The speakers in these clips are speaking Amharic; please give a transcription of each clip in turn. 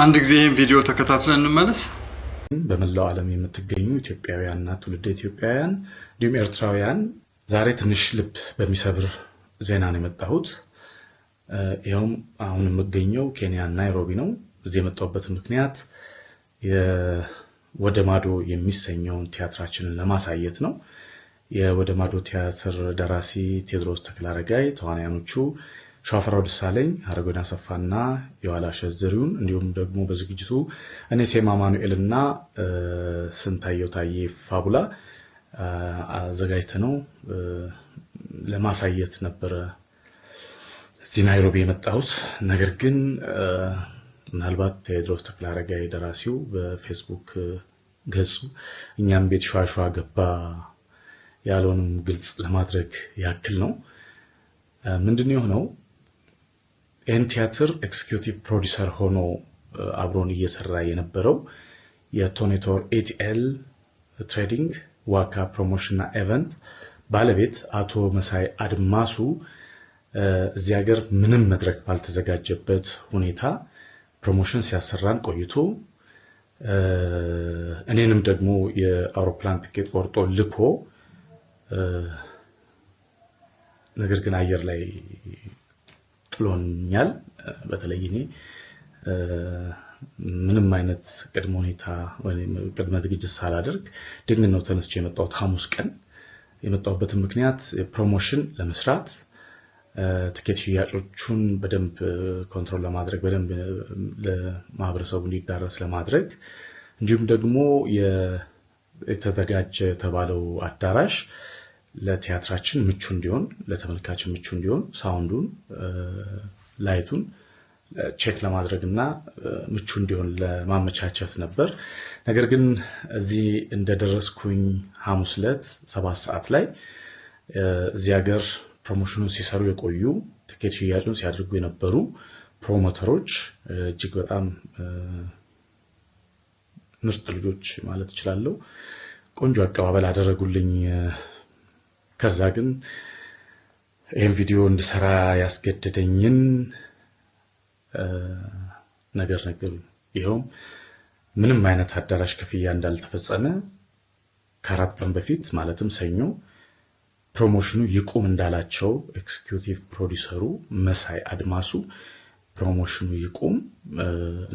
አንድ ጊዜ ይህን ቪዲዮ ተከታትለን እንመለስ። በመላው ዓለም የምትገኙ ኢትዮጵያውያንና ትውልደ ኢትዮጵያውያን እንዲሁም ኤርትራውያን ዛሬ ትንሽ ልብ በሚሰብር ዜና ነው የመጣሁት። ይኸውም አሁን የምገኘው ኬንያ ናይሮቢ ነው። እዚህ የመጣሁበት ምክንያት ወደ ማዶ የሚሰኘውን ቲያትራችንን ለማሳየት ነው። የወደ ማዶ ቲያትር ደራሲ ቴዎድሮስ አረጋይ ተዋንያኖቹ ሸዋፈራው ደሳለኝ፣ ሀረጎን አሰፋና የኋላ ሸዝሪውን እንዲሁም ደግሞ በዝግጅቱ እኔ ሴማ ማኑኤልና ስንታየው ታዬ ፋቡላ አዘጋጅተ ነው ለማሳየት ነበረ እዚህ ናይሮቢ የመጣሁት። ነገር ግን ምናልባት ቴዎድሮስ አረጋይ ደራሲው በፌስቡክ ገጹ እኛም ቤት ሸዋሸዋ ገባ ያለውንም ግልጽ ለማድረግ ያክል ነው። ምንድን የሆነው ይህን ቲያትር ኤክስኪዩቲቭ ፕሮዲሰር ሆኖ አብሮን እየሰራ የነበረው የቶኔቶር ኤቲኤል ትሬዲንግ ዋካ ፕሮሞሽንና ኤቨንት ባለቤት አቶ መሳይ አድማሱ እዚህ ሀገር ምንም መድረክ ባልተዘጋጀበት ሁኔታ ፕሮሞሽን ሲያሰራን ቆይቶ እኔንም ደግሞ የአውሮፕላን ትኬት ቆርጦ ልኮ ነገር ግን አየር ላይ ጥሎኛል። በተለይ እኔ ምንም አይነት ቅድመ ሁኔታ ቅድመ ዝግጅት ሳላደርግ ድንግ ነው ተነስቼ የመጣሁት ሐሙስ ቀን። የመጣሁበትን ምክንያት ፕሮሞሽን ለመስራት ትኬት ሽያጮቹን በደንብ ኮንትሮል ለማድረግ በደንብ ለማህበረሰቡ እንዲዳረስ ለማድረግ እንዲሁም ደግሞ የተዘጋጀ የተባለው አዳራሽ ለቲያትራችን ምቹ እንዲሆን፣ ለተመልካችን ምቹ እንዲሆን ሳውንዱን፣ ላይቱን ቼክ ለማድረግ እና ምቹ እንዲሆን ለማመቻቸት ነበር። ነገር ግን እዚህ እንደደረስኩኝ ሐሙስ ለት ሰባት ሰዓት ላይ እዚህ ሀገር ፕሮሞሽኑን ሲሰሩ የቆዩ ትኬት ሽያጩን ሲያደርጉ የነበሩ ፕሮሞተሮች እጅግ በጣም ምርት ልጆች ማለት እችላለሁ። ቆንጆ አቀባበል አደረጉልኝ። ከዛ ግን ይህን ቪዲዮ እንድሰራ ያስገደደኝን ነገር ነገሩ። ይኸውም ምንም አይነት አዳራሽ ክፍያ እንዳልተፈጸመ ከአራት ቀን በፊት ማለትም ሰኞ ፕሮሞሽኑ ይቁም እንዳላቸው ኤክስኪዩቲቭ ፕሮዲሰሩ መሳይ አድማሱ ፕሮሞሽኑ ይቁም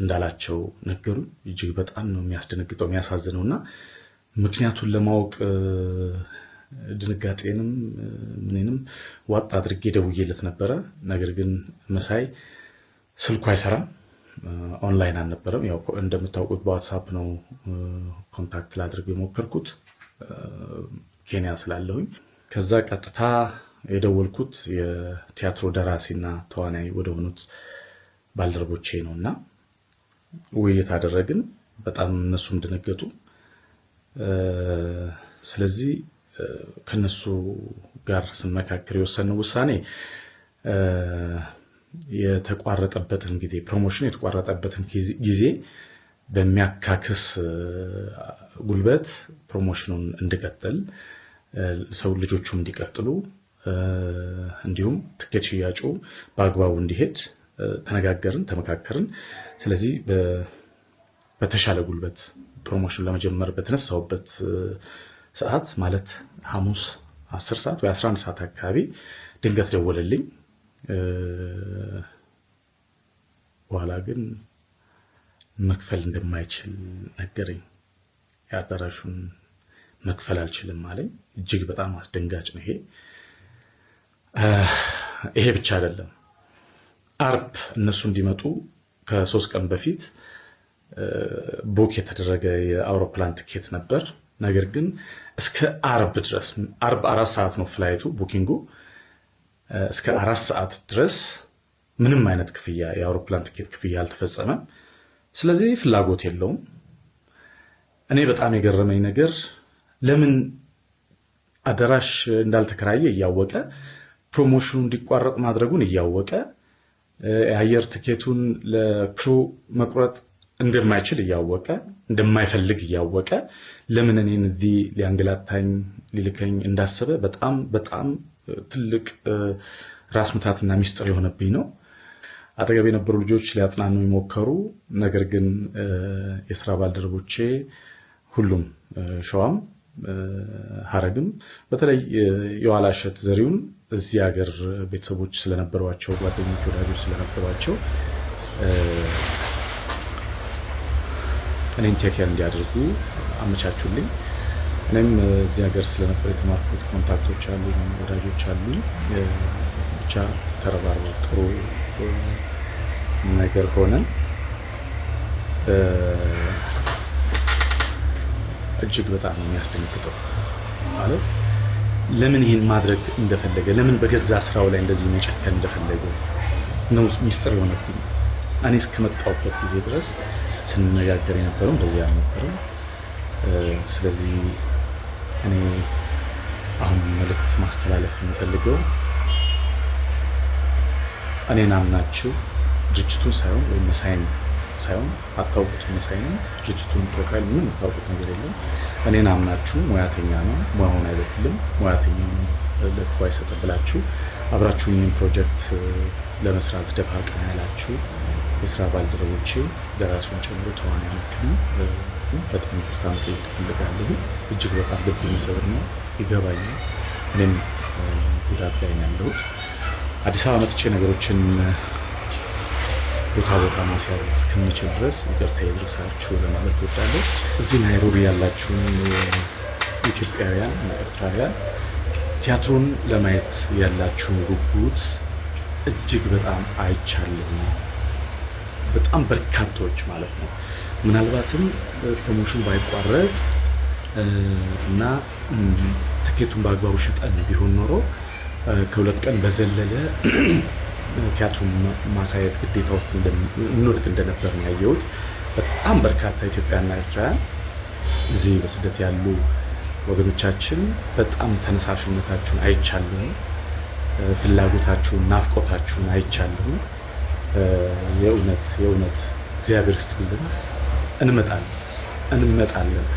እንዳላቸው ነገሩ። እጅግ በጣም ነው የሚያስደነግጠው የሚያሳዝነው እና ምክንያቱን ለማወቅ ድንጋጤንም ምንም ዋጥ አድርጌ ደውዬለት ነበረ። ነገር ግን መሳይ ስልኩ አይሰራም፣ ኦንላይን አልነበረም። ያው እንደምታውቁት በዋትሳፕ ነው ኮንታክት ላድርግ የሞከርኩት ኬንያ ስላለሁኝ። ከዛ ቀጥታ የደወልኩት የቲያትሮ ደራሲና ተዋናይ ወደሆኑት ባልደረቦቼ ነው እና ውይይት አደረግን። በጣም እነሱም ደነገጡ። ስለዚህ ከነሱ ጋር ስመካከር የወሰነው ውሳኔ የተቋረጠበትን ጊዜ ፕሮሞሽን የተቋረጠበትን ጊዜ በሚያካክስ ጉልበት ፕሮሞሽኑን እንድቀጥል ሰው ልጆቹም እንዲቀጥሉ እንዲሁም ትኬት ሽያጩ በአግባቡ እንዲሄድ ተነጋገርን፣ ተመካከርን። ስለዚህ በተሻለ ጉልበት ፕሮሞሽን ለመጀመር በተነሳሁበት ሰዓት ማለት ሐሙስ 10 ሰዓት ወይ 11 ሰዓት አካባቢ ድንገት ደወለልኝ። በኋላ ግን መክፈል እንደማይችል ነገረኝ። የአዳራሹን መክፈል አልችልም አለኝ። እጅግ በጣም አስደንጋጭ ነው ይሄ። ይሄ ብቻ አይደለም። አርብ እነሱ እንዲመጡ ከሶስት ቀን በፊት ቡክ የተደረገ የአውሮፕላን ትኬት ነበር። ነገር ግን እስከ አርብ ድረስ አርብ አራት ሰዓት ነው ፍላይቱ ቡኪንጉ። እስከ አራት ሰዓት ድረስ ምንም አይነት ክፍያ የአውሮፕላን ትኬት ክፍያ አልተፈጸመም። ስለዚህ ፍላጎት የለውም። እኔ በጣም የገረመኝ ነገር ለምን አዳራሽ እንዳልተከራየ እያወቀ ፕሮሞሽኑ እንዲቋረጥ ማድረጉን እያወቀ የአየር ትኬቱን ለክሩ መቁረጥ እንደማይችል እያወቀ እንደማይፈልግ እያወቀ ለምን እኔን እዚህ ሊያንገላታኝ ሊልከኝ እንዳሰበ በጣም በጣም ትልቅ ራስ ምታትና ሚስጥር የሆነብኝ ነው። አጠገብ የነበሩ ልጆች ሊያጽናኑ የሞከሩ ነገር ግን የስራ ባልደረቦቼ ሁሉም ሸዋም ሀረግም በተለይ የኋላ እሸት ዘሪሁን እዚህ ሀገር ቤተሰቦች ስለነበሯቸው ጓደኞች፣ ወዳጆች ስለነበሯቸው እኔን ቴክር እንዲያደርጉ አመቻቹልኝ። እኔም እዚህ ሀገር ስለነበር የተማርኩት ኮንታክቶች አሉ፣ ወዳጆች አሉ። ብቻ ተረባርበ ጥሩ ነገር ሆነ። እጅግ በጣም የሚያስደንግጠው ማለት ለምን ይህን ማድረግ እንደፈለገ ለምን በገዛ ስራው ላይ እንደዚህ መጨከን እንደፈለገ ነው ሚስጥር የሆነብኝ እኔ እስከመጣሁበት ጊዜ ድረስ ስንነጋገር የነበረው እንደዚህ አልነበረም። ስለዚህ እኔ አሁን መልእክት ማስተላለፍ የሚፈልገው እኔን አምናችሁ ድርጅቱን ሳይሆን ወይም መሳይን ሳይሆን አታውቁት መሳይን ድርጅቱን ፕሮፋይል ምንም የምታውቁት ነገር የለም። እኔን አምናችሁ ሙያተኛ ነው ሙያውን አይበክልም ሙያተኛ ለክፉ አይሰጥ ብላችሁ አብራችሁን ይህን ፕሮጀክት ለመስራት ደፋ ቀና ያላችሁ የስራ ባልደረቦቼ ደራሲውን ጨምሮ ተዋናዮቹን በጣም ይቅርታ መጠየቅ እፈልጋለሁ። እጅግ በጣም ልብ የሚሰብር ነው። ይገባኛል። እኔም ጉዳት ላይ ነው ያለሁት። አዲስ አበባ መጥቼ ነገሮችን ቦታ ቦታ ማስያዝ እስከምችል ድረስ ይቅርታ የድረሳችሁ ለማለት እወዳለሁ። እዚህ ናይሮቢ ያላችሁን ኢትዮጵያውያን ኤርትራውያን ቲያትሩን ለማየት ያላችሁን ጉጉት እጅግ በጣም አይቻልም። በጣም በርካቶች ማለት ነው። ምናልባትም ፕሮሞሽን ባይቋረጥ እና ትኬቱን በአግባቡ ሸጠን ቢሆን ኖሮ ከሁለት ቀን በዘለለ ቲያትሩን ማሳየት ግዴታ ውስጥ እንወድቅ እንደነበር ነው ያየሁት። በጣም በርካታ ኢትዮጵያና ኤርትራውያን እዚህ በስደት ያሉ ወገኖቻችን በጣም ተነሳሽነታችሁን አይቻለሁም። ፍላጎታችሁን ናፍቆታችሁን አይቻለሁም። የእውነት የእውነት እግዚአብሔር ስጥልን። እንመጣለን እንመጣለን